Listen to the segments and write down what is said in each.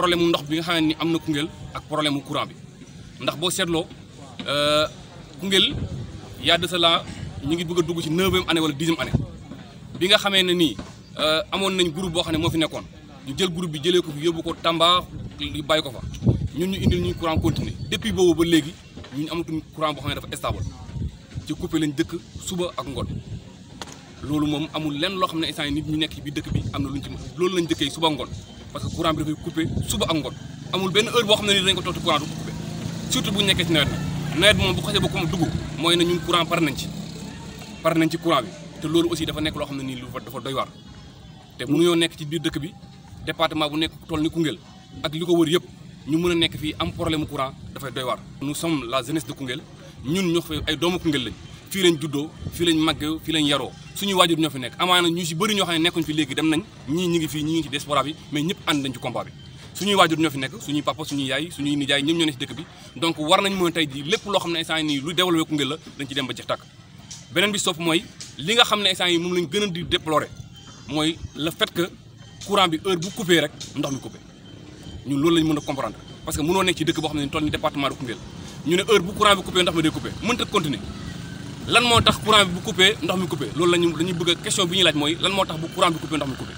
problème mu ndox bi nga xam ni am na Koungheul ak problème mu courant bi ndax boo seetloo euh, Koungheul y a de cela ñu ngi bëgg a dugg ci neuvième année wala dixième année bi nga xamee ne nii euh, amoon nañ groupe boo xam ne moo fi nekkoon ñu jël groupe bi jëlee ko fi yóbbu ko Tamba bàyyi ko fa ñun ñu indil ñu courant continué depuis boobu ba léegi ñu ñun amatuñ courant boo xam ne dafa stable ci coupé lañ dëkk suba ak ngoon loolu moom amul lenn loo xam ne instant yi nit ñu nekk bi dëkk bi am na luñ ci loolu lañ dëkkee suba ngoon parce que courant bi dafay coupé suba ak ngoon amul benn heure boo xam ne nii dañ ko toog courant du coupé surtout bu ñu nekkee ci nawet bi nawet bi moom bu xasee ba ko dugg mooy ne ñun courant par nañ ci par nañ ci courant bi te loolu aussi dafa nekk loo xam ne nii lu dafa doy waar te mënuñoo nekk ci biir dëkk bi département bu nekk toll ni Koungheul ak li ko wër yëpp ñu mën a nekk fii am problème courant dafay doy waar nous sommes la jeunesse de Koungheul ñun ñoo fay ay doomu Koungheul lañ fii lañ juddoo fii lañ màggee fii lañ yaroo suñuy waajur ñoo fi nekk amaana ñu si bëri ñoo xam ne nekkuñ fi léegi dem nañ ñii ñi ngi fii ñi ngi ci diaspora bi mais ñëpp ànd nañ ci combat bi ñoo fi nekk suñuy papa suñuy yaay suñuy lépp loo xam ne instant yi lu développé Koungheul la dañ ci dem ba jeex tàkk beneen bi sopp mooy li nga xam ne instant yi moom lañ gën a di déplorer mooy le fait que courant bi heure bu coupé rek ndox mi coupé ñun loolu lañ mën a comprendre parce que mënoo nekk ci dëkk boo xam ne ni département de Koungheul lan moo tax courant bi bu coupé ndox mi coupé loolu lañu dañuy bëgg a question bi ñuy laaj mooy lan moo tax bu courant bi coupé ndox mi coupé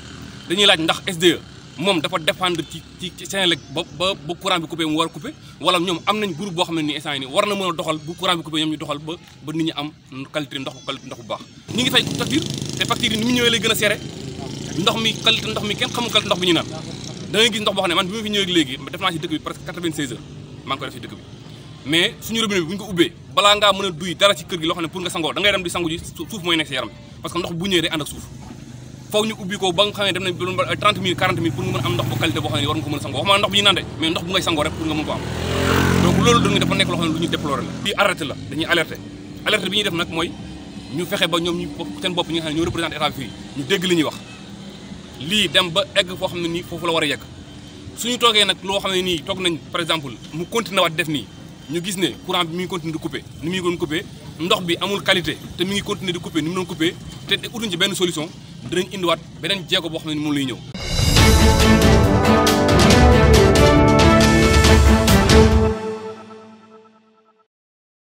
e ci ci ci Senelec ba ba ba mu war a coupé wala ñoom am nañ groupe boo xam ne nii instant yi nii war na mën a doxal bu courant bi coupé ñoom ñu doxal ba ba nit ñi am qualité ndox ñu ngi fay facture te facture yi ni mu ñëwee lay a seere ndox mi qualité ndox mi kenn xamul qualité ndox bi ñu naan da gis ndox boo xam ne man bi ma fi ñëwee léegi def si dëkk bi presque 96 heures maa ngi koy def si dëkk mais suñu robinet bi buñ ko ubbé bala nga mëna duuy dara ci kër gi lo xamné pour nga sangoo da ngay dem di sangu ci suuf moy nek ci yaram parce que ndox bu ñëwee day ànd ak suuf faw ñu ubbi ko ba nga xamné dem nañ ba 30 mille 40 mille pour nga mëna am ndox bu qualité bo xamné war nga ko mëna a sangoo waxuma ndox bu ñu naan mais ndox bu ngay sangoo rek pour nga mëna ko am donc loolu dañu dafa nek lo xamné ne lu ñu déploré la di arrêté la dañuy alerter alerte bi ñuy def nak moy ñu fexé ba ñom ñu seen bop ñi nga xamné ne ñoo représenté état fi ñu dégg li ñi wax li dem ba egg fo xamné ni fofu la wara yegg suñu toogee nak lo xamné ni tok nañ par exemple mu continuer wat def ni ñu gis ne courant bi mi ngi continuer couper ni mu ngi doon couper ndox bi amul qualité te mi ngi continuer di couper ni mu doon couper te utuñ ci benn solution dinañ indiwaat beneen jéego boo xam ne moom lay ñëw.